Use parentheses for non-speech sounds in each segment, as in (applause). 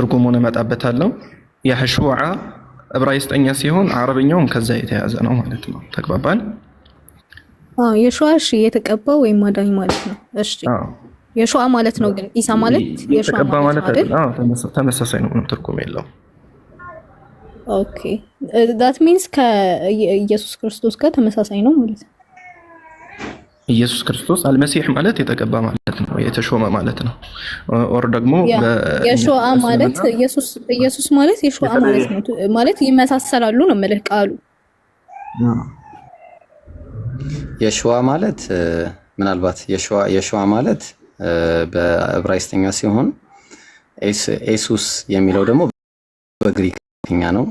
ትርጉሙን እመጣበታለሁ። የሐሹዓ ዕብራይስጠኛ ሲሆን አረብኛውም ከዛ የተያዘ ነው ማለት ነው። ተግባባን? የሸዋ እሺ፣ የተቀባ ወይም አዳኝ ማለት ነው። እሺ፣ የሸዋ ማለት ነው። ግን ኢሳ ማለት የተቀባ ማለት አይደል? ተመሳሳይ ነው፣ ምንም ትርጉም የለውም። ኦኬ ዳት ሚንስ ከኢየሱስ ክርስቶስ ጋር ተመሳሳይ ነው ማለት ነው። ኢየሱስ ክርስቶስ አልመሲህ ማለት የተቀባ ማለት ነው፣ የተሾመ ማለት ነው። ኦር ደግሞ የሾአ ማለት ኢየሱስ ማለት የሾአ ማለት ነው። ማለት ይመሳሰላሉ ነው የምልህ ቃሉ። የሸዋ ማለት ምናልባት የሸዋ ማለት በዕብራይስጥኛ ሲሆን ኤሱስ የሚለው ደግሞ በግሪክኛ ነው።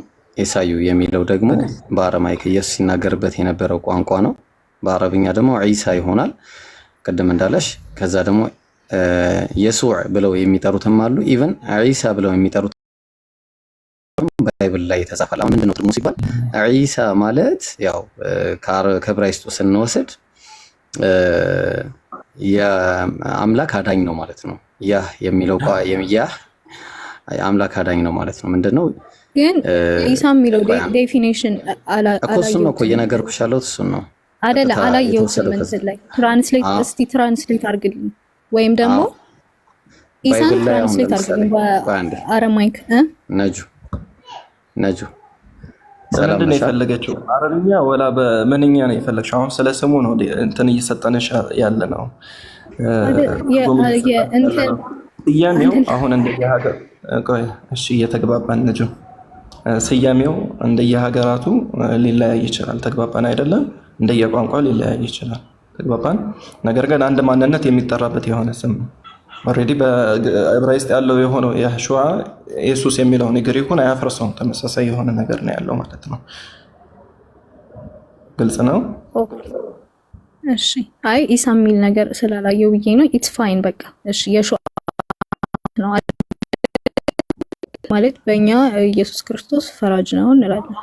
ኤሳዩ የሚለው ደግሞ በአረማይክ ኢየሱስ ሲናገርበት የነበረው ቋንቋ ነው። በአረብኛ ደግሞ ዒሳ ይሆናል ቅድም እንዳለሽ። ከዛ ደግሞ የሱዕ ብለው የሚጠሩትም አሉ። ኢቨን ዒሳ ብለው የሚጠሩት ባይብል ላይ ተጻፋል። አሁን ምንድነው ትርጉሙ ሲባል ዒሳ ማለት ያው ከዕብራይስጡ ስንወስድ የአምላክ አዳኝ ነው ማለት ነው። ያህ የሚለው ያህ አምላክ አዳኝ ነው ማለት ነው። ምንድነው ግን ዒሳ የሚለው ዴፊኒሽን አላየሁትም። እሱን ነው እኮ እየነገርኩሽ ያለሁት እሱን ነው አደለ አላየሁትም። እንትን ላይ ትራንስሌት እስቲ ትራንስሌት አርግልኝ፣ ወይም ደግሞ ኢሳን ትራንስሌት አርግልኝ በአረማይክ ነጁ ነጁ ምንድን ነው የፈለገችው? አረብኛ ወላ በምንኛ ነው የፈለግሽ? አሁን ስለ ስሙ ነው እንትን እየሰጠንሽ ያለ ነው። ስያሜው አሁን እንደየሀገር እሺ፣ እየተግባባን ነጁ። ስያሜው እንደየሀገራቱ ሊለያይ ይችላል። ተግባባን አይደለም? እንደየቋንቋ ሊለያይ ይችላል። ተግባባን። ነገር ግን አንድ ማንነት የሚጠራበት የሆነ ስም ነው። ኦልሬዲ በዕብራይስጥ ያለው የሆነው ያሹዋ ኢየሱስ የሚለውን ግሪኩን አያፈርሰውም። ተመሳሳይ የሆነ ነገር ነው ያለው ማለት ነው። ግልጽ ነው። እሺ አይ ኢሳ የሚል ነገር ስላላየው ብዬ ነው። ኢትስ ፋይን በቃ እሺ። የሹዋ ነው ማለት በእኛ ኢየሱስ ክርስቶስ ፈራጅ ነው እንላለን።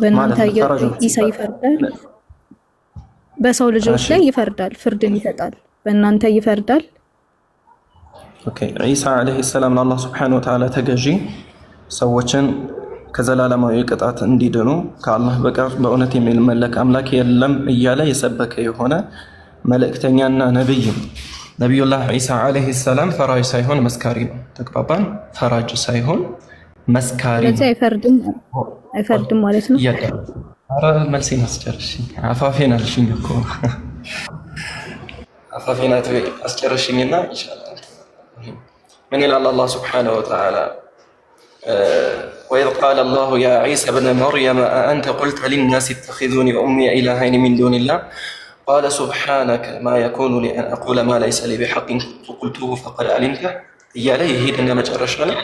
በእናንተ ኢሳ ይፈርዳል፣ በሰው ልጆች ላይ ይፈርዳል፣ ፍርድን ይሰጣል። በእናንተ ይፈርዳል። ኢሳ ዓለይሂ ሰላም ለአላህ ስብሓነሁ ወተዓላ ተገዢ ሰዎችን ከዘላለማዊ ቅጣት እንዲድኑ ከአላህ በቀር በእውነት የሚመለክ አምላክ የለም እያለ የሰበከ የሆነ መልእክተኛና ነቢይ ነቢዩላህ ዒሳ ዓለይሂ ሰላም ፈራጅ ሳይሆን መስካሪ ነው። ተግባባን? ፈራጅ ሳይሆን መስካሪ ነው። من إلى الله سبحانه وتعالى وإذ قال الله يا عيسى بن مريم أأنت قلت للناس اتخذوني أمي إلهين من دون الله قال سبحانك ما يكون لي أن أقول ما ليس لي بحق قلته فقد علمته إيا ليه هيدا ما جرشنا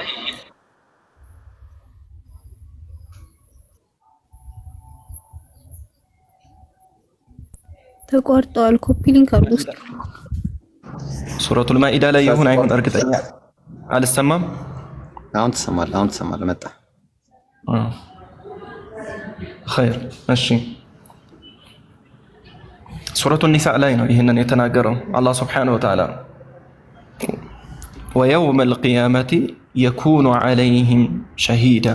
ተቋርጠዋል። ኮፒ ሊንክ አድርጉ። ውስጥ ሱረቱል ማኢዳ ላይ ይሁን አይሁን እርግጠኛ አልሰማም። አሁን ትሰማል። አሁን ትሰማል። መጣ ኸይር። እሺ ሱረቱ ኒሳ ላይ ነው ይህንን የተናገረው አላህ ስብሓነሁ ወተዓላ ወየውመል ቂያመቲ የኩኑ ዓለይህም ሸሂዳ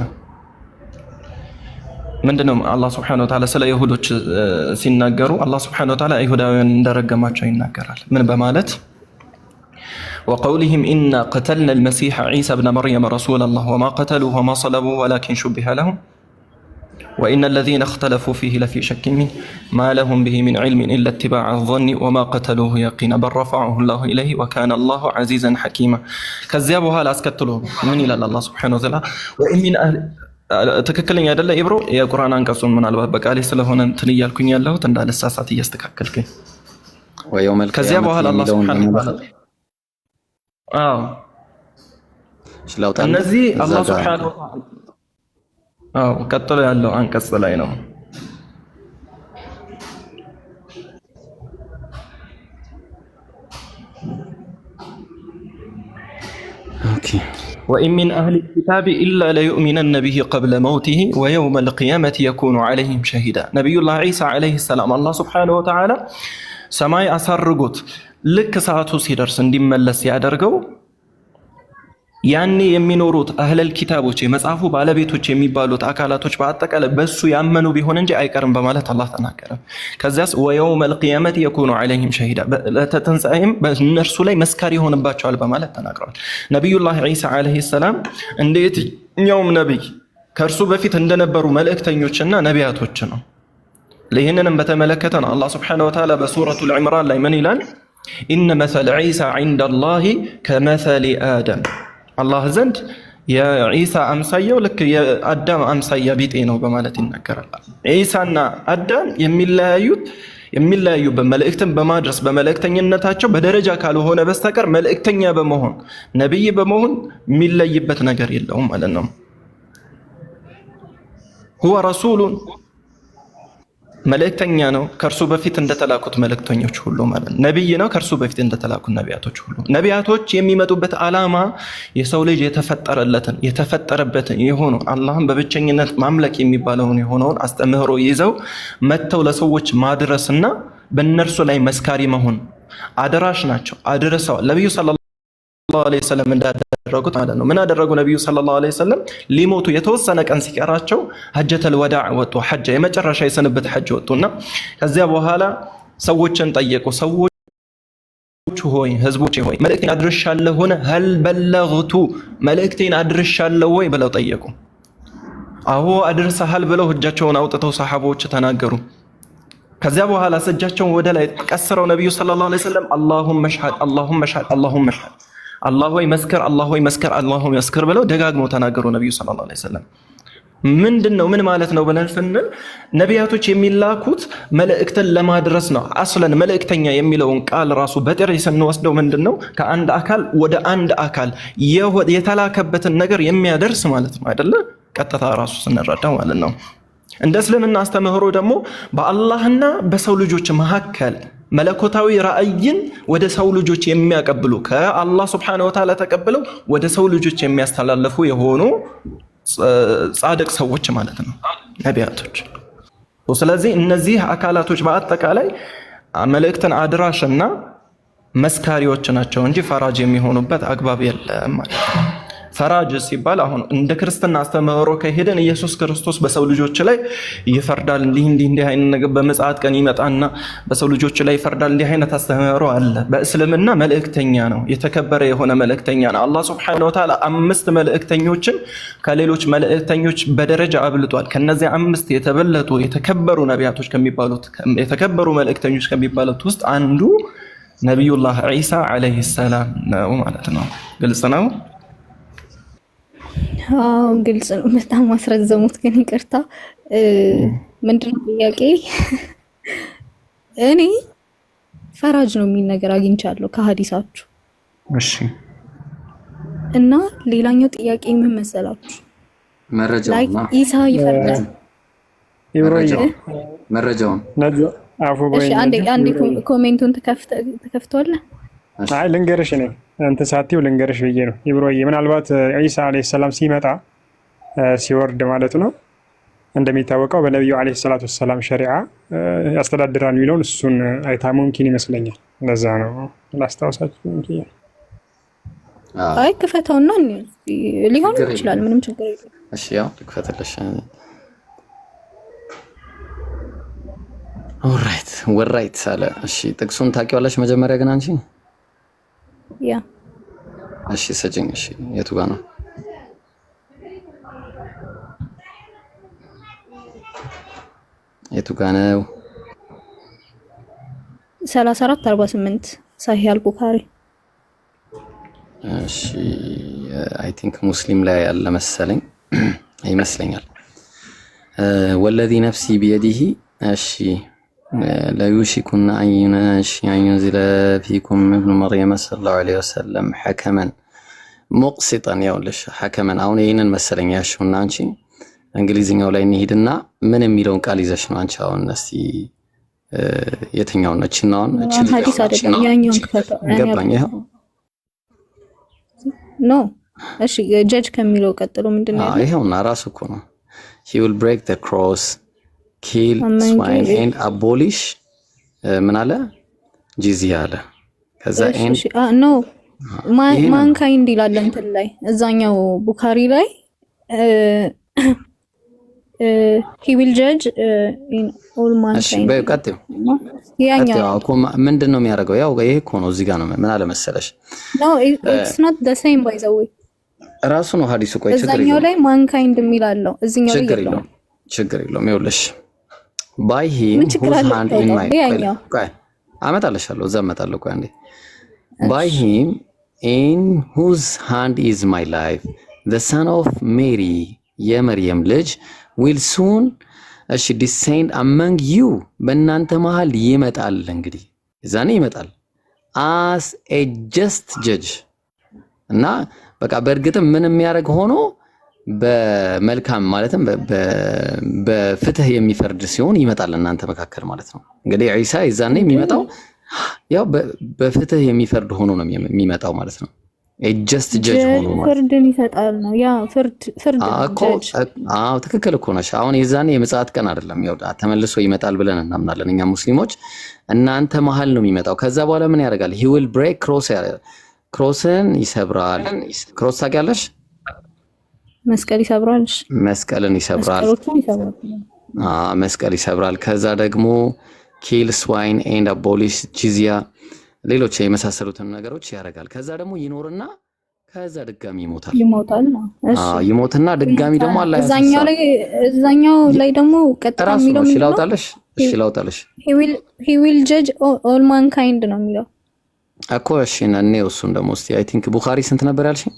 من ምንድነው አላህ ስብሐነሁ ወተዓላ ስለ ይሁዶች ሲናገሩ አላህ ስብሐነሁ ወተዓላ ይሁዳውያን እንደረገማቸው ይናገራል። من بمالت وقولهم إنا قتلنا المسيح عيسى بن مريم رسول الله وما قتلوه وما صلبوه ولكن شبه لهم وإن الذين اختلفوا فيه لفي شك منه ما لهم به من علم إلا اتباع الظن وما قتلوه يقينا بل رفعه الله إليه وكان الله عزيزا حكيما كذبها لا أسكتلوه من إلى الله سبحانه وتعالى وإن من أهل ትክክለኛ አይደለ ኢብሮ? የቁርአን አንቀጹን ምናልባት በቃሌ ስለሆነ እንትን እያልኩኝ ያለሁት እንዳልሳሳት እያስተካከልከኝ። ከዚያ በኋላ አላህ ሱብሓነሁ ወተዓላ አዎ፣ እነዚህ አላህ ሱብሓነሁ አዎ፣ ቀጥሎ ያለው አንቀጽ ላይ ነው። ኦኬ ወኢን ሚን አህሊ ኪታቢ ኢላ ለዩእሚነነ ቢሂ ቀብለ መውቲሂ ወየውመ ልቅያመት የኩኑ ዓለይህም ሸሂዳ። ነቢዩላህ ዒሳ ዓለይሂ ሰላም አላህ ሱብሓነሁ ወተዓላ ሰማይ አሳርጎት ልክ ሰዓቱ ሲደርስ እንዲመለስ ያደርገው ያኔ የሚኖሩት አህለል ኪታቦች የመጽሐፉ ባለቤቶች የሚባሉት አካላቶች በአጠቃላይ በሱ ያመኑ ቢሆን እንጂ አይቀርም በማለት አላህ ተናገረ። ከዚያስ ወየውመል ቂያመት የኩኑ ዐለይሂም ሸሂዳ ለተንሳኤም በእነርሱ ላይ መስካሪ ይሆንባቸዋል በማለት ተናግረዋል። ነቢዩላህ ዒሳ ዓለይሂ ሰላም እንደ የትኛውም ነቢይ ከእርሱ በፊት እንደነበሩ መልእክተኞችና ነቢያቶች ነው። ይህንንም በተመለከተ ነው አላህ ሱብሓነሁ ወተዓላ በሱረቱል ዒምራን ላይ ምን ይላል? ኢነ መሰለ ዒሳ ዒንደላሂ ከመሰሊ አደም አላህ ዘንድ የዒሳ አምሳያው ልክ የአዳም አምሳያ ቢጤ ነው በማለት ይናገራል። ዒሳና አዳም የሚለያዩት የሚለያዩበት መልእክትን በማድረስ በመልእክተኝነታቸው በደረጃ ካልሆነ በስተቀር መልእክተኛ በመሆን ነቢይ በመሆን የሚለይበት ነገር የለውም ማለት ነው። ሁወ ረሱሉን መልእክተኛ ነው ከእርሱ በፊት እንደተላኩት መልእክተኞች ሁሉ ማለት ነው። ነቢይ ነው ከእርሱ በፊት እንደተላኩት ነቢያቶች ሁሉ። ነቢያቶች የሚመጡበት ዓላማ የሰው ልጅ የተፈጠረለትን የተፈጠረበትን የሆኑ አላህን በብቸኝነት ማምለክ የሚባለውን የሆነውን አስተምህሮ ይዘው መጥተው ለሰዎች ማድረስና በእነርሱ ላይ መስካሪ መሆን አደራሽ ናቸው። አድርሰዋል ነቢዩ ሰለላሁ ዐለይሂ ወሰለም እንዳደረጉት ማለት ነው። ምን አደረጉ? ነቢዩ ሰለላሁ ዐለይሂ ወሰለም ሊሞቱ የተወሰነ ቀን ሲቀራቸው ሐጀተል ወዳዕ ወጡ። ሐጅ የመጨረሻ የስንብት ሐጅ ወጡና ከዚያ በኋላ ሰዎችን ጠየቁ። ሰዎች ሆይ ህዝቦች ሆይ መልእክቴን አድርሻለሁ ሆነ ሀል በለግቱ መልእክቴን አድርሻለሁ ወይ ብለው ጠየቁ። አዎ አድርሰሃል ብለው እጃቸውን አውጥተው ሰሐቦች ተናገሩ። ከዚያ በኋላ እጃቸውን ወደ ላይ ቀስረው ነቢዩ ሰለላሁ ዐለይሂ ወሰለም አላሁመ ሽሀድ አላሁመ ሽሀድ አላሁመ ሽሀድ አላህ ወይ መስከር፣ አላህ ወይ መስከር፣ አላህ ወይ መስከር ብለው ደጋግመው ተናገሩ ነብዩ ሰለላሁ ዐለይሂ ወሰለም። ምንድን ነው ምን ማለት ነው ብለን ስንል ነቢያቶች የሚላኩት መልእክትን ለማድረስ ነው። አስለን መልእክተኛ የሚለውን ቃል ራሱ በጥሬ ስንወስደው ምንድን ነው ከአንድ አካል ወደ አንድ አካል የተላከበትን ነገር የሚያደርስ ማለት ነው አይደለ? ቀጥታ ራሱ ስንረዳ ማለት ነው። እንደ እስልምና አስተምህሮ ደግሞ በአላህና በሰው ልጆች መካከል መለኮታዊ ራእይን ወደ ሰው ልጆች የሚያቀብሉ ከአላህ ስብሐነሁ ወተዓላ ተቀብለው ወደ ሰው ልጆች የሚያስተላልፉ የሆኑ ጻድቅ ሰዎች ማለት ነው፣ ነቢያቶች። ስለዚህ እነዚህ አካላቶች በአጠቃላይ መልእክትን እና መስካሪዎች ናቸው እንጂ ፈራጅ የሚሆኑበት አግባብ የለም ማለት ነው። ፈራጅ ሲባል አሁን እንደ ክርስትና አስተምህሮ ከሄደን ኢየሱስ ክርስቶስ በሰው ልጆች ላይ ይፈርዳል፣ እንዲህ እንዲህ እንዲህ አይነት ነገር በመጽአት ቀን ይመጣና በሰው ልጆች ላይ ይፈርዳል፣ እንዲህ አይነት አስተምህሮ አለ። በእስልምና መልእክተኛ ነው፣ የተከበረ የሆነ መልእክተኛ ነው። አላህ ሱብሓነሁ ወተዓላ አምስት መልእክተኞችን ከሌሎች መልእክተኞች በደረጃ አብልጧል። ከነዚህ አምስት የተበለጡ የተከበሩ ነቢያቶች ከሚባሉት የተከበሩ መልእክተኞች ከሚባሉት ውስጥ አንዱ ነቢዩላህ ዒሳ ዓለይሂ ሰላም ነው ማለት ነው። ግልጽ ነው። አዎ ግልጽ ነው። በጣም አስረዘሙት፣ ግን ይቅርታ። ምንድነው ጥያቄ? እኔ ፈራጅ ነው የሚል ነገር አግኝቻለሁ ከሀዲሳችሁ። እሺ። እና ሌላኛው ጥያቄ ምን መሰላችሁ? መረጃውን ኢሳ ይፈርዳል። መረጃውን አንዴ ኮሜንቱን ትከፍተዋለህ? ልንገርሽ ነው እንትን ሳትይው ልንገርሽ ብዬ ነው ኢብሮዬ። ምናልባት ዒሳ ዓለይሂ ሰላም ሲመጣ ሲወርድ ማለት ነው እንደሚታወቀው በነቢዩ ዓለይሂ ሰላቱ ወሰላም ሸሪዓ ያስተዳድራል የሚለውን እሱን አይታ ሙምኪን ይመስለኛል። ለዛ ነው ላስታውሳችሁ። አይ ክፈተውና ሊሆን ይችላል። ምንም ችግር የለም። እሺ ያው ክፈተለሽ። ኦራይት ወራይት አለ። እሺ ጥቅሱን ታውቂዋለሽ መጀመሪያ ግን አንቺ ያ እሺ፣ ሰጪኝ። እሺ፣ የቱ ጋ ነው? የቱ ጋ ነው? 34 48 ሳሂህ አልቡኻሪ። እሺ፣ አይ ቲንክ ሙስሊም ላይ ያለ መሰለኝ ይመስለኛል። ወለዚ ነፍሲ ቢየዲሂ እሺ ለዩሽኩና አንዩንዚለ ፊኩም እብኑ መርየመ ሰለላሁ ዐለይሂ ወሰለም ሐከመን ሙቅሲጠን። ይኸውልሽ ሐከመን አሁን ይህንን መሰለኝ ያልሽውና አንቺ እንግሊዝኛው ላይ እንሂድና ምን የሚለውን ቃል ይዘሽ ነው አንቺ አሁን እስቲ የትኛውን ነው? እቺን አሁን ገባኝ። ይኸው ኖ እሺ፣ ጀጅ ከሚለው ቀጥሎ ምንድን ነው? ይኸውና ራሱ እኮ ነው ሂ ዊል ብሬክ ዘ ክሮስ ኪል ስዋይን ኤንድ አቦሊሽ ምን አለ ጂዚያ አለ። ከዛ ኖ ማንካይንድ ይላል እንትን ላይ እዛኛው ቡካሪ ላይ ሂ ዊል ጀጅ ምንድን ነው የሚያደርገው? ያው ይሄ እኮ ነው። እዚህ ጋር ነው ምን አለ መሰለሽ፣ ኖ ነው ሀዲሱ። ቆይ እዛኛው ላይ ማንካይንድ የሚላለው እዚህኛው ላይ ችግር የለውም። ይኸውልሽ ባይ ሂም ሁዝ እዛ እመጣለሁ። ቆይ አንዴ ባይ ሂም ኢን ሁዝ ሃንድ ኢዝ ማይ ላይፍ ዘ ሰን ኦፍ ሜሪ የመርየም ልጅ ዊል ሱን እሺ ዲሴንድ አመንግ ዩ በእናንተ መሃል ይመጣል። እንግዲህ እዛኔ ይመጣል አስ ኤ ጀስት ጀጅ እና በቃ በእርግጥም ምን የሚያደርግ ሆኖ በመልካም ማለትም በፍትህ የሚፈርድ ሲሆን ይመጣል እናንተ መካከል ማለት ነው። እንግዲህ ዒሳ ይዛነ የሚመጣው ያው በፍትህ የሚፈርድ ሆኖ ነው የሚመጣው ማለት ነው። ጀስት ጀጅ ሆኖ ፍርድን ይሰጣል ነው ያ ፍርድ ፍርድ ትክክል እኮ ነሽ። አሁን የዛኔ የምጽአት ቀን አይደለም። ያው ተመልሶ ይመጣል ብለን እናምናለን እኛ ሙስሊሞች። እናንተ መሀል ነው የሚመጣው። ከዛ በኋላ ምን ያደርጋል? ሂ ዊል ብሬክ ክሮስ፣ ክሮስን ይሰብራል። ክሮስ ታውቂያለሽ? መስቀል ይሰብራል። መስቀልን ይሰብራል። መስቀል ይሰብራል። ከዛ ደግሞ ኪል ስዋይን ኤንድ አቦሊሽ ጂዚያ፣ ሌሎች የመሳሰሉትን ነገሮች ያደርጋል። ከዛ ደግሞ ይኖርና ከዛ ድጋሚ ይሞታል። ይሞታል ይሞትና ድጋሚ ደግሞ አላ እዛኛው ላይ ደግሞ ቀጥታ የሚለው ሽላውጣለሽ ሽላውጣለሽ ሂ ጀጅ ኦል ማንካይንድ ነው የሚለው እኮ እሺ። እኔ እሱን ደግሞ እስኪ አይ ቲንክ ቡኻሪ ስንት ነበር ያልሽኝ?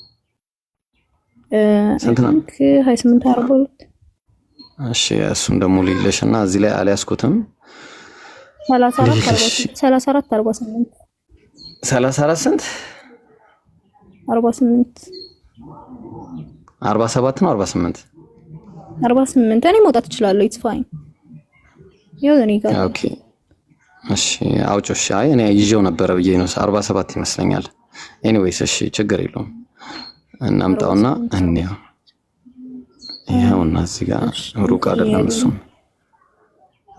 ሀያ ስምንት አርባ ሁለት እሺ እሱም ደግሞ ልይለሽ እና እዚህ ላይ አልያዝኩትም። ሰላሳ አራት አርባ ስምንት ሰላሳ አራት ስንት አርባ ስምንት አርባ ሰባት ነው አርባ ስምንት አርባ ስምንት እኔ መውጣት እችላለሁ። ኢትስ ፋይን ያው እኔ ጋር ኦኬ እሺ አውጮሽ። አይ እኔ ይዤው ነበረ ብዬ ነው። አርባ ሰባት ይመስለኛል። ኤኒዌይስ እሺ ችግር የለውም። እናምጣውና እንያ። ይኸውና እዚህ ጋር ሩቅ አይደለም እሱም።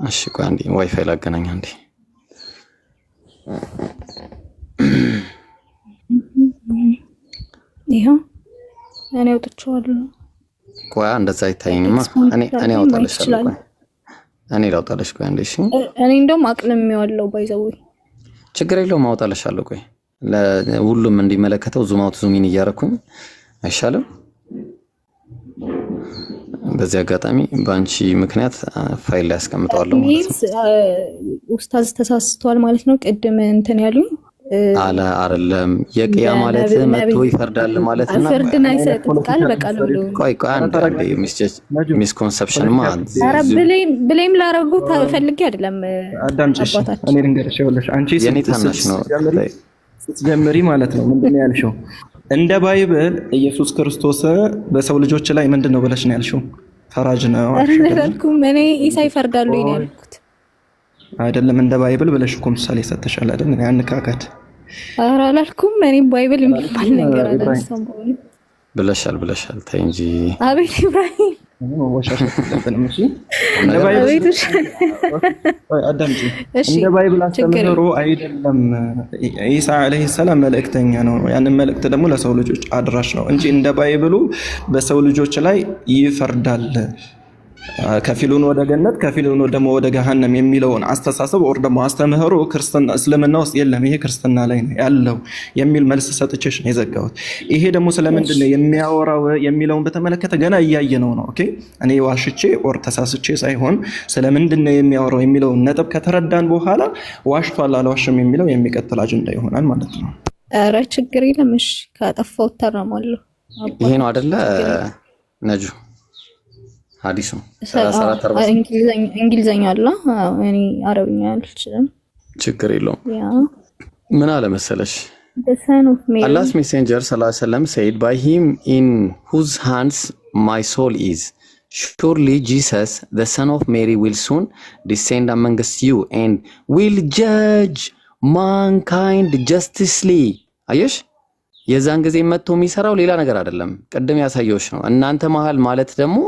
እሺ ቆይ አንዴ ዋይፋይ ላገናኝ አንዴ። ይኸው እኔ አውጥቼዋለሁ። ቆይ እንደዛ አይታየኝማ። እኔ እኔ አውጣልሻለሁ። ቆይ እኔ ላውጣልሽ። ቆይ አንዴ። እሺ እኔ እንደውም አቅልሜዋለሁ። ባይዘው ችግር የለውም አውጣልሻለሁ። ቆይ ሁሉም እንዲመለከተው ዙም አውት ዙሚን እያረኩኝ አይሻልም? በዚህ አጋጣሚ በአንቺ ምክንያት ፋይል ላይ አስቀምጠዋለሁ ማለት ነው። ኡስታዝ ተሳስቷል ማለት ነው። ቅድም እንትን ያሉኝ አለ አይደለም። የቅያ ማለት መጥቶ ይፈርዳል ማለት ነው። ፍርድን አይሰጥም ቃል በቃል ብሎ ቆይ ቆይ፣ አንድ ሚስኮንሰፕሽን ማ ብሌም ላረጉ ፈልጌ አይደለም። አዳምጪሽ፣ እኔ ልንገርሽ። ይኸውልሽ አንቺ የኔ ታናሽ ነው ስትጀምሪ ማለት ነው። ምንድን ነው ያልሽው? እንደ ባይብል ኢየሱስ ክርስቶስ በሰው ልጆች ላይ ምንድን ነው ብለሽ ነው ያልሽው? ፈራጅ ነው አልኩም። እኔ ኢሳ ይፈርዳሉ ያልኩት አይደለም። እንደ ባይብል ብለሽ እኮ ምሳሌ ሰተሻል አይደል? እኔ አንካካድ ኧረ አላልኩም። እኔ ባይብል የሚባል ነገር አላሰማሁም ብለሻል፣ ብለሻል። ተይ እንጂ አቤት፣ ኢብራሂም እንደ ባይብል አስተምህሮ አይደለም። ኢሳ ዓለይሂ ሰላም መልእክተኛ ነው። ያንን መልእክት ደግሞ ለሰው ልጆች አድራሽ ነው እንጂ እንደ ባይብሉ በሰው ልጆች ላይ ይፈርዳል። ከፊሉን ወደ ገነት ከፊሉን ደግሞ ወደ ገሃነም የሚለውን አስተሳሰብ ወር ደግሞ አስተምህሮ እስልምና ውስጥ የለም፣ ይሄ ክርስትና ላይ ነው ያለው የሚል መልስ ሰጥቼሽ ነው የዘጋሁት። ይሄ ደግሞ ስለምንድን ነው የሚያወራው የሚለውን በተመለከተ ገና እያየ ነው ነው ኦኬ። እኔ ዋሽቼ ወር ተሳስቼ ሳይሆን ስለምንድን ነው የሚያወራው የሚለውን ነጥብ ከተረዳን በኋላ ዋሽቷል አልዋሽም የሚለው የሚቀጥል አጀንዳ ይሆናል ማለት ነው። ኧረ ችግር የለም። ካጠፋው እታረማለሁ። ይሄ ነው አይደለ ነጁ ሀዲስ ነው። እንግሊዘኛ አለ አረብኛ አልችልም። ችግር የለውም። ምን አለመሰለሽ አላስ ሜሴንጀር ስ ሰለም ሰይድ ባይ ሂም ኢን ሁዝ ሃንስ ማይ ሶል ኢዝ ሹርሊ ጂሰስ ዘ ሰን ኦፍ ሜሪ ዊል ሱን ዲሴንድ አመንግስት ዩ ኤንድ ዊል ጀጅ ማንካይንድ ጀስቲስሊ አየሽ የዛን ጊዜ መጥቶ የሚሰራው ሌላ ነገር አይደለም፣ ቅድም ያሳየዎች ነው። እናንተ መሀል ማለት ደግሞ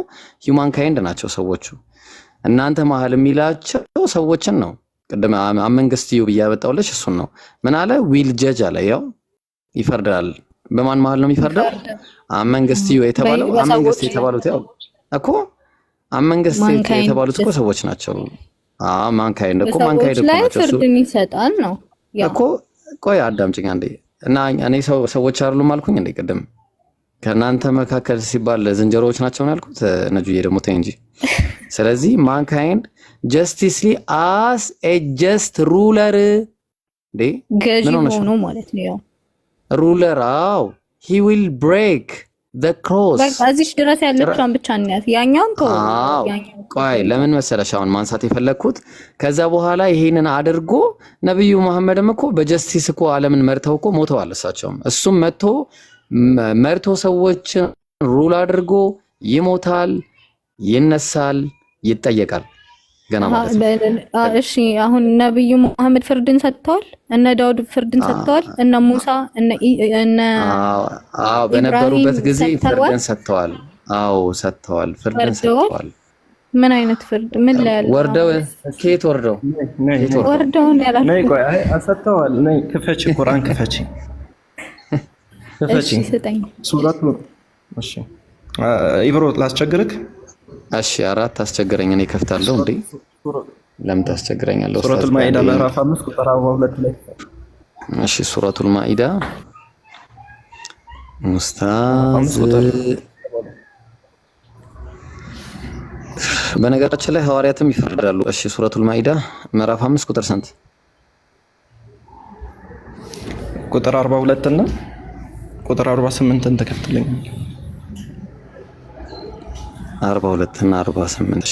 ሂውማን ካይንድ ናቸው ሰዎቹ። እናንተ መሀል የሚላቸው ሰዎችን ነው። ቅድም መንግስት ዩ ብዬ ያመጣሁልሽ እሱን ነው። ምን አለ? ዊል ጀጅ አለ። ያው ይፈርዳል። በማን መሀል ነው የሚፈርደው? መንግስት ዩ የተባለው መንግስት የተባሉት ያው እኮ መንግስት የተባሉት እኮ ሰዎች ናቸው። ማንካይንድ እኮ ማንካይንድ እኮ ናቸው። ፍርድን ይሰጣል ነው እኮ። ቆይ አዳምጪኝ አንዴ እና እኔ ሰው ሰዎች አይደሉም አልኩኝ እንደ ቅድም ከእናንተ መካከል ሲባል ዝንጀሮዎች ናቸውን ያልኩት ነጁዬ ደግሞ ተይ እንጂ። ስለዚህ ማንካይን ጀስቲስሊ አስ ኤ ጀስት ሩለር ገዢ ሆኖ ማለት ነው ሩለር አው ሂ ዊል ብሬክ እዚች ድረስ ያለችን ብቻ እናያት። ያኛውን ቆይ ለምን መሰለሽ አሁን ማንሳት የፈለግኩት ከዛ በኋላ ይሄንን አድርጎ ነቢዩ መሐመድም እኮ በጀስቲስ እኮ ዓለምን መርተው እኮ ሞተዋል። እሳቸውም እሱም መጥቶ መርቶ ሰዎችን ሩል አድርጎ ይሞታል፣ ይነሳል፣ ይጠየቃል። ገና እሺ አሁን ነብዩ መሐመድ ፍርድን ሰጥተዋል፣ እነ ዳውድ ፍርድን ሰጥተዋል፣ እነ ሙሳ እነ አዎ በነበሩበት ጊዜ ፍርድን ሰጥተዋል። አዎ ሰጥተዋል፣ ፍርድን ሰጥተዋል። ምን አይነት ፍርድ? ምን ላይ ያለ ወርደው ከየት ወርደው ወርደው ነው ነይ ቆይ አሰጥተዋል። ነይ ክፈቺ፣ ቁርአን ክፈቺ፣ ክፈቺ፣ ስጠኝ ሱረቱ። እሺ ኢብሮ ላስቸግርክ እሺ አራት አስቸገረኝ። እኔ ከፍታለሁ እንዴ? ለምን ታስቸግረኛለህ? ሱረቱል ማኢዳ ምዕራፍ 5 ቁጥር 42 ላይ እሺ። ሱረቱል ማኢዳ ሙስታዝ። በነገራችን ላይ ሐዋርያትም ይፈርዳሉ። እሺ፣ ሱረቱል ማኢዳ ምዕራፍ 5 ቁጥር ስንት? ቁጥር 42 እና ቁጥር 48ን ተከትለኛል አርባ ሁለት እና አርባ ስምንት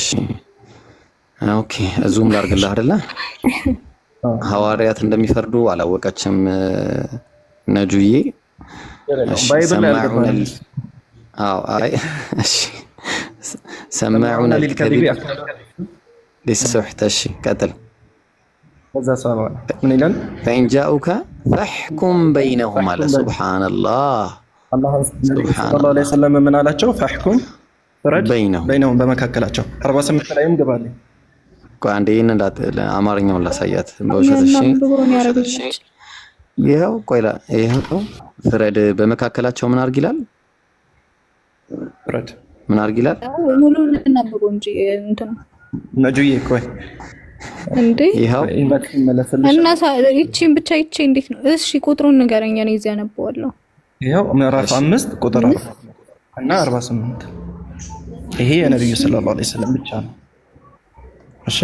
ኦኬ እዙም ላርግልህ አይደለ (laughs) ሐዋርያት እንደሚፈርዱ አላወቀችም ነጁዬ ሰማዑን ልከቢ እሺ ቀጥል ፈኢን ጃኡከ ፈሕኩም በይነሁም አለ ሱብሓነላህ ሱብሓነላህ ምን አላቸው ፈሕኩም ፍረድ ነው በመካከላቸው አርባ ስምንት ላይም ግባለኝ። አንዴ ይህን አማርኛውን ላሳያት ይኸው ቆይላ ይኸው ፍረድ በመካከላቸው ምን አርግ ይላል። ፍረድ ምን አርግ ይላል። ሙሉ ልናበቁ እንጂ ነጁዬ ቆይ እንዴ ይቺን ብቻ ይቺ እንዴት ነው? እሺ ቁጥሩን ንገረኛ ነው ይዚያ ነበዋለሁ። ይኸው ምዕራፍ አምስት ቁጥር እና አርባ ስምንት ይሄ የነቢዩ ሰለላሁ ዐለይሂ ወሰለም ብቻ ነው። እሺ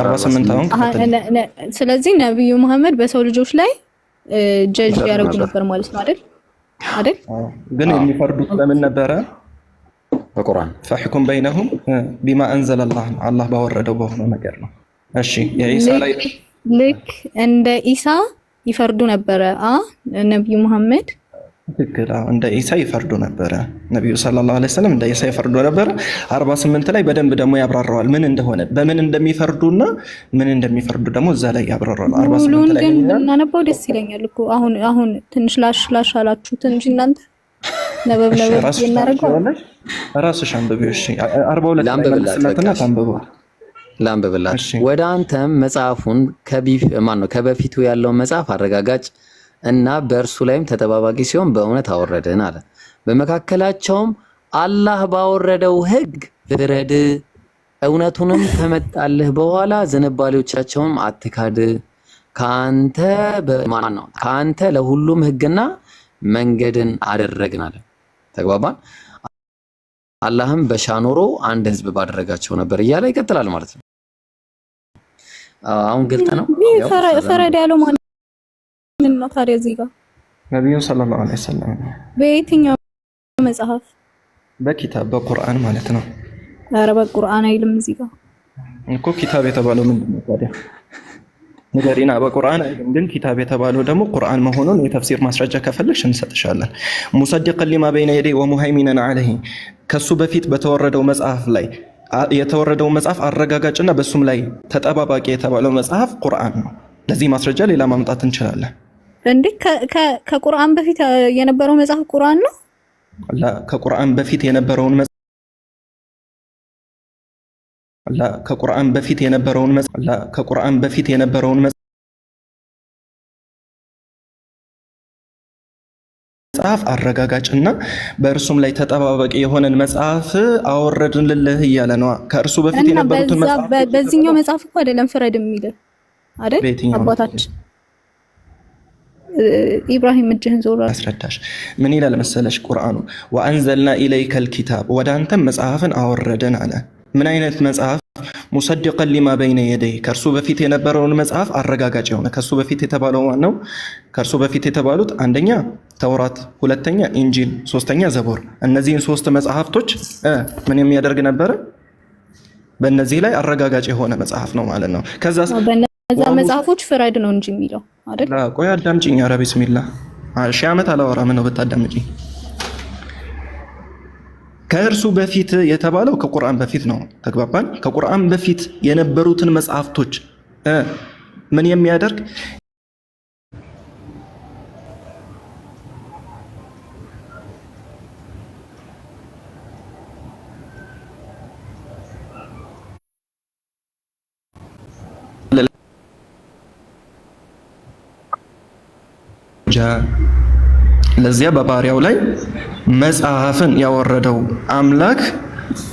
48 አሁን ስለዚህ ነቢዩ መሐመድ በሰው ልጆች ላይ ጀጅ ያደርጉ ነበር ማለት ነው አይደል? አይደል? ግን የሚፈርዱት ለምን ነበረ? በቁርአን ፈሕኩም በይነሁም ቢማ አንዘለ አላህ አላህ ባወረደው በሆነ ነገር ነው። እሺ የኢሳ ላይ ልክ እንደ ኢሳ ይፈርዱ ነበረ አ ነቢዩ መሐመድ ትክክል እንደ ኢሳ ይፈርዱ ነበረ። ነቢዩ ሰለላሁ ዐለይሂ ወሰለም እንደ ኢሳ ይፈርዱ ነበረ። 48 ላይ በደንብ ደግሞ ያብራረዋል ምን እንደሆነ በምን እንደሚፈርዱና ምን እንደሚፈርዱ ደግሞ እዛ ላይ ያብራረዋል። 48 ላይ ግን ብናነበው ደስ ይለኛል እኮ አሁን አሁን ትንሽ ላሽ ላሽ አላችሁ ትንሽ እናንተ ነበብ ነበብ እናረጋው ራስሽ አንብቢው። እሺ 42 ላይ መልስላትና ላንብብላት ወደ አንተም መጽሐፉን ከበፊቱ ያለውን መጽሐፍ አረጋጋጭ እና በእርሱ ላይም ተጠባባቂ ሲሆን በእውነት አወረድን አለ። በመካከላቸውም አላህ ባወረደው ህግ ፍረድ፣ እውነቱንም ከመጣልህ በኋላ ዝንባሌዎቻቸውንም አትካድ፣ ከአንተ በማን ነው ከአንተ ለሁሉም ህግና መንገድን አደረግን አለ። ተግባባን። አላህም በሻ ኖሮ አንድ ህዝብ ባደረጋቸው ነበር እያለ ይቀጥላል ማለት ነው። አሁን ግልጥ ነው። ፈረድ ያለው ምንድነው ታዲያ እዚህ ጋር ነቢዩ ሰለላሁ ዐለይሂ ወሰለም በየትኛው መጽሐፍ? በኪታብ በቁርአን ማለት ነው። ኧረ በቁርአን አይልም እዚህ ጋር እኮ ኪታብ የተባለው ምንድነው ታዲያ ንገሪና። በቁርአን አይልም ግን ኪታብ የተባለው ደግሞ ቁርአን መሆኑን የተፍሲር ማስረጃ ከፈለግሽ እንሰጥሻለን። ሙሰድቀን ሊማ በይነ የደይ ወሙሃይሚነን ዐለይሂ ከሱ በፊት በተወረደው መጽሐፍ ላይ የተወረደው መጽሐፍ አረጋጋጭና በሱም ላይ ተጠባባቂ የተባለው መጽሐፍ ቁርአን ነው። ለዚህ ማስረጃ ሌላ ማምጣት እንችላለን። እንዴ ከቁርአን በፊት የነበረው መጽሐፍ ቁርአን ነው? ከቁርአን በፊት የነበረውን ከቁርአን በፊት የነበረውን ከቁርአን በፊት የነበረውን መጽሐፍ አረጋጋጭና በእርሱም ላይ ተጠባበቂ የሆነን መጽሐፍ አወረድንልህ እያለ ነዋ። ከእርሱ በፊት የነበሩትን መጽሐፍ በዚህኛው መጽሐፍ እኮ አይደለም ፍረድ የሚል አይደል አባታችን ኢብራሂም እጅህን ዞሮ አስረዳሽ። ምን ይላል መሰለሽ ቁርአኑ ወአንዘልና ኢለይከል ኪታብ ወደ አንተም መጽሐፍን አወረደን አለ። ምን አይነት መጽሐፍ? ሙሰድቀን ሊማ በይነ የደይ ከእርሱ በፊት የነበረውን መጽሐፍ አረጋጋጭ የሆነ ከእርሱ በፊት የተባለው ነው። ከእርሱ በፊት የተባሉት አንደኛ ተውራት፣ ሁለተኛ ኢንጂል፣ ሶስተኛ ዘቦር። እነዚህን ሶስት መጽሐፍቶች ምን የሚያደርግ ነበረ? በእነዚህ ላይ አረጋጋጭ የሆነ መጽሐፍ ነው ማለት ነው። ከዛ መጽሐፎች ፍረድ ነው እንጂ የሚለው አይደል? ቆይ አዳምጪኝ። ኧረ ቢስሚላ ሺህ ዓመት አላወራም ነው ብታዳምጪኝ። ከእርሱ በፊት የተባለው ከቁርአን በፊት ነው። ተግባባን? ከቁርአን በፊት የነበሩትን መጽሐፍቶች ምን የሚያደርግ ለዚያ በባሪያው ላይ መጽሐፍን ያወረደው አምላክ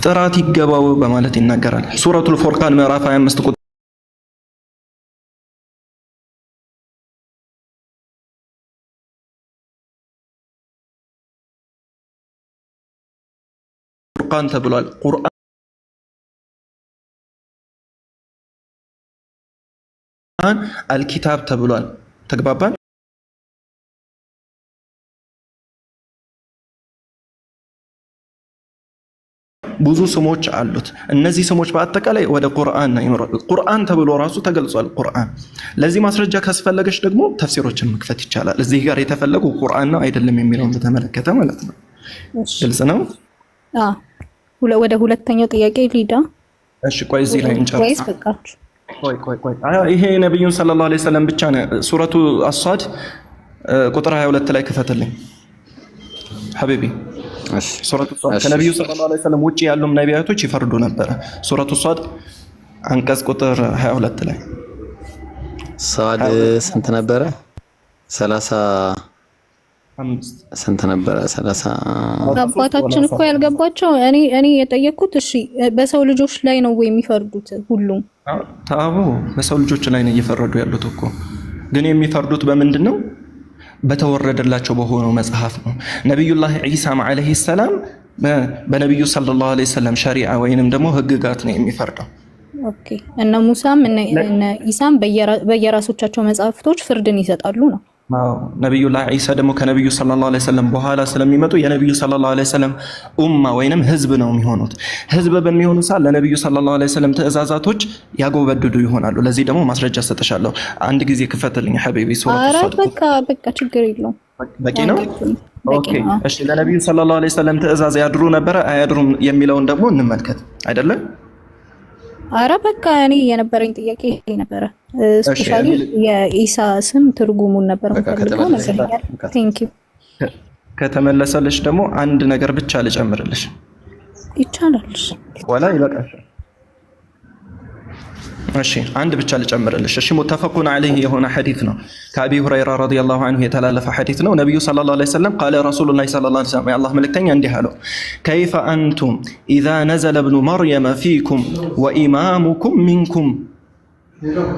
ጥራት ይገባው በማለት ይናገራል። ሱረቱል ፎርቃን ምዕራፍ 25 ቁጥር ቁርአን ተብሏል። ቁርአን አልኪታብ ተብሏል። ተግባባን። ብዙ ስሞች አሉት። እነዚህ ስሞች በአጠቃላይ ወደ ቁርአን ነው ቁርአን ተብሎ ራሱ ተገልጿል። ቁርአን ለዚህ ማስረጃ ካስፈለገች ደግሞ ተፍሲሮችን መክፈት ይቻላል። እዚህ ጋር የተፈለገው ቁርአን ነው አይደለም የሚለውን በተመለከተ ማለት ነው። ግልጽ ነው። ወደ ሁለተኛው ጥያቄ ሊዳ። እሺ ቆይ እዚህ ላይ እንጨርስ። ይሄ ነቢዩን ሰለላሁ ዐለይሂ ወሰለም ብቻ ነው። ሱረቱ አሷድ ቁጥር 22 ላይ ክፈትልኝ ሐቢቢ ሱረቱ ሷድ ከነቢዩ ሰለላሁ ዐለይሂ ወሰለም ውጪ ያሉም ነቢያቶች ይፈርዱ ነበረ። ሱረቱ ሷድ አንቀጽ ቁጥር 22 ላይ ሷድ ስንት ነበረ? 30 ስንት ነበረ? 30 አባታችን እኮ ያልገባቸው እኔ እኔ የጠየኩት እሺ፣ በሰው ልጆች ላይ ነው ወይ የሚፈርዱት? ሁሉም ታቦ በሰው ልጆች ላይ ነው እየፈረዱ ያሉት እኮ ግን የሚፈርዱት በምንድን ነው? በተወረደላቸው በሆነው መጽሐፍ ነው። ነቢዩላህ ዒሳም ዓለይሂ ሰላም በነቢዩ ሰለላሁ ዓለይሂ ወሰለም ሸሪዓ ወይንም ደግሞ ህግጋት ነው የሚፈርደው። እነ ሙሳም እነ ዒሳም በየራሶቻቸው መጽሐፍቶች ፍርድን ይሰጣሉ ነው ነቢዩላህ ዒሳ ደግሞ ከነቢዩ ሰለላሁ ዐለይሂ ወሰለም በኋላ ስለሚመጡ የነቢዩ ሰለላሁ ዐለይሂ ወሰለም ኡማ ወይንም ህዝብ ነው የሚሆኑት። ህዝብ በሚሆኑ ሰዓት ለነቢዩ ሰለላሁ ዐለይሂ ወሰለም ትእዛዛቶች ያጎበድዱ ይሆናሉ። ለዚህ ደግሞ ማስረጃ ሰጥሻለሁ። አንድ ጊዜ ክፈትልኝ ሐቢቢ። በቃ ችግር የለውም በቂ ነው። ኦኬ እሺ። ለነቢዩ ሰለላሁ ዐለይሂ ወሰለም ትእዛዝ ያድሩ ነበረ አያድሩም የሚለውን ደግሞ እንመልከት አይደለም አረ በቃ እኔ የነበረኝ ጥያቄ ይሄ ነበረ። ስፔሻሊ የኢሳ ስም ትርጉሙን ነበር ፈልገው መሰለኛል። ቴንክ ዩ ከተመለሰልሽ ደግሞ አንድ ነገር ብቻ ልጨምርልሽ ይቻላል። ወላ ይበቃሻል። እሺ አንድ ብቻ ልጨምርልሽ። እሺ ሙተፈቁን አለይህ የሆነ ሐዲት ነው። ከአቢ ሁረይራ ረዲየላሁ አንሁ የተላለፈ ሐዲት ነው። ነቢዩ ሰለላሁ ዐለይሂ ወሰለም ቃለ ረሱሉላሂ ሰለላሁ ዐለይሂ ወሰለም የአላህ መልእክተኛ እንዲህ አለው፣ ከይፈ አንቱም ኢዛ ነዘለ ብኑ መርየመ ፊኩም ወኢማሙኩም ሚንኩም።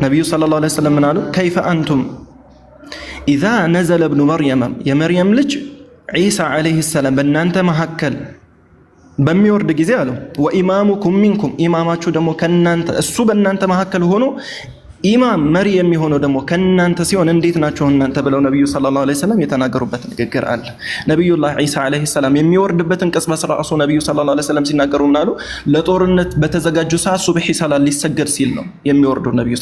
ነቢዩ ሰለላሁ ዐለይሂ ወሰለም ምን አሉ? ከይፈ አንቱም ኢዛ ነዘለ ብኑ መርየመ የመርየም ልጅ ዒሳ ዐለይሂ ሰላም በእናንተ መካከል በሚወርድ ጊዜ አለው ወኢማሙኩም ሚንኩም ኢማማችሁ ደግሞ ከናንተ እሱ በእናንተ መካከል ሆኖ ኢማም መሪ የሚሆነው ደግሞ ከናንተ ሲሆን እንዴት ናቸው እናንተ ብለው ነቢዩ ሰለላሁ ዐለይሂ ወሰለም የተናገሩበት ንግግር አለ። ነቢዩላህ ዒሳ ዐለይሂ ሰላም የሚወርድበትን ቅጽበት ራሱ ነቢዩ ሰለላሁ ዐለይሂ ወሰለም ሲናገሩ ምናሉ ለጦርነት በተዘጋጁ ሰዓት ሱብሒ ሰላት ሊሰገድ ሲል ነው የሚወርዱ ነቢዩ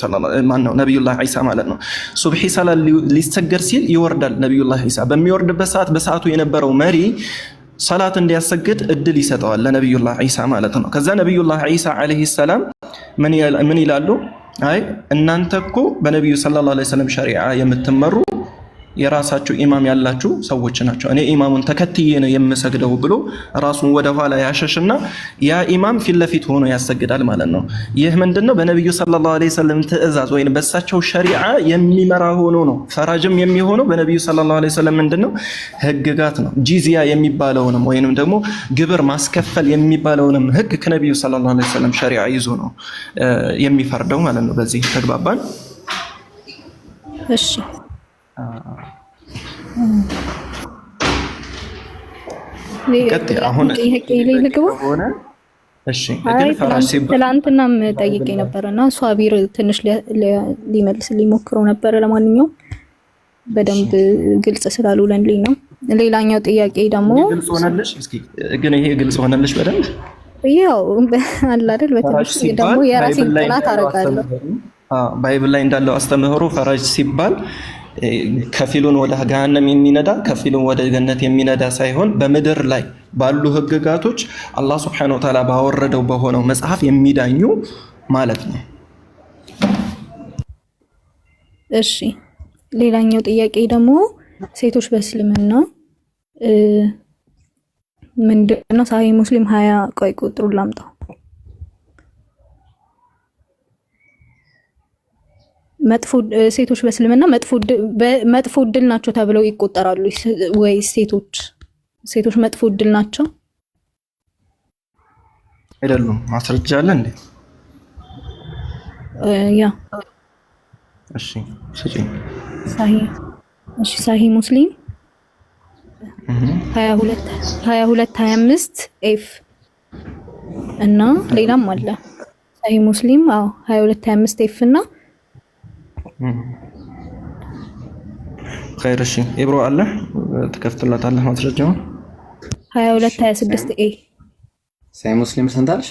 ነቢዩላህ ዒሳ ማለት ነው። ሱብሒ ሰላት ሊሰገድ ሲል ይወርዳል ነቢዩላህ ዒሳ። በሚወርድበት ሰዓት በሰዓቱ የነበረው መሪ ሰላት እንዲያሰግድ እድል ይሰጠዋል ለነቢዩላህ ዒሳ ማለት ነው። ከዛ ነቢዩላህ ዒሳ ዓለይሂ ሰላም ምን ይላሉ? አይ እናንተ እኮ በነቢዩ ሰለላሁ ዓለይሂ ወሰለም ሸሪዓ የምትመሩ የራሳቸው ኢማም ያላችሁ ሰዎች ናቸው። እኔ ኢማሙን ተከትዬ ነው የምሰግደው ብሎ ራሱን ወደኋላ ያሸሽና ያ ኢማም ፊት ለፊት ሆኖ ያሰግዳል ማለት ነው። ይህ ምንድን ነው? በነቢዩ ሰለላሁ ዐለይሂ ወሰለም ትእዛዝ ወይም በሳቸው ሸሪዓ የሚመራ ሆኖ ነው። ፈራጅም የሚሆነው በነቢዩ ሰለላሁ ዐለይሂ ወሰለም ምንድን ነው ህግጋት ነው። ጂዚያ የሚባለውንም ወይንም ደግሞ ግብር ማስከፈል የሚባለውንም ህግ ከነቢዩ ሰለላሁ ዐለይሂ ወሰለም ሸሪዓ ይዞ ነው የሚፈርደው ማለት ነው። በዚህ ተግባባን? እሺ ትላንትናም ጠይቄ እና ትንሽ ሊመልስ ሊሞክረው ነበረ። ለማንኛውም በደንብ ግልጽ ስላልሆነልኝ ነው። ሌላኛው ጥያቄ ደግሞ ግን ይሄ ግልጽ ሆነልሽ በደንብ ያው አለ አይደል? በትንሽ ደግሞ የራሴን ጥናት አደርጋለሁ። ባይብል ላይ እንዳለው አስተምህሮ ፈራጅ ሲባል ከፊሉን ወደ ገሃነም የሚነዳ ከፊሉን ወደ ገነት የሚነዳ ሳይሆን በምድር ላይ ባሉ ህግጋቶች አላህ ሱብሓነሁ ወተዓላ ባወረደው በሆነው መጽሐፍ የሚዳኙ ማለት ነው። እሺ፣ ሌላኛው ጥያቄ ደግሞ ሴቶች በእስልምና ምንድነው? ሳሂህ ሙስሊም ሀያ ቆይ ቁጥሩን ላምጣው ሴቶች በእስልምና መጥፎ እድል ናቸው ተብለው ይቆጠራሉ ወይ? ሴቶች ሴቶች መጥፎ እድል ናቸው አይደሉም? ማስረጃ አለ እንዴ? ያ እሺ፣ ስጪኝ። እሺ፣ ሳሂ ሙስሊም 22 22 25 ኤፍ እና ሌላም አለ። ሳሂ ሙስሊም አዎ 22 25 ኤፍ እና ኸይር እሺ፣ ኢብሮ አለ ትከፍትላታለህ ማስረጃውን 22 26 ኤ ሳይ ሙስሊም ስንት አለሽ?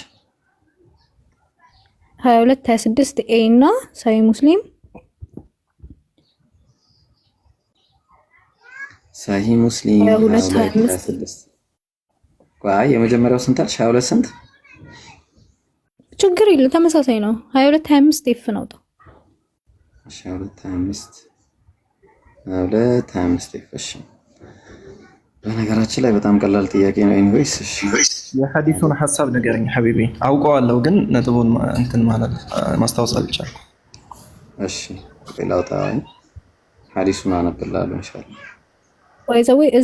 22 26 ኤ እና ሳይ ሙስሊም ሳሂ ሙስሊም 22 ዋይ የመጀመሪያው ስንት አለሽ? 22 ስንት ችግር የለም ተመሳሳይ ነው። 22 25 ኤፍ ነው። አስራ ሁለት ሀያ አምስት ሀያ ሁለት ሀያ አምስት በነገራችን ላይ በጣም ቀላል ጥያቄ ነው። ኤኒዌይስ እሺ፣ ንገረኝ አውቀዋለሁ ግን ነጥቡን እንትን ማለት ማስታወስ እሺ፣ ሌላው አነብላለሁ